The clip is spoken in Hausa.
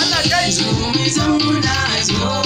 Ana kai! Zo mu zauna zo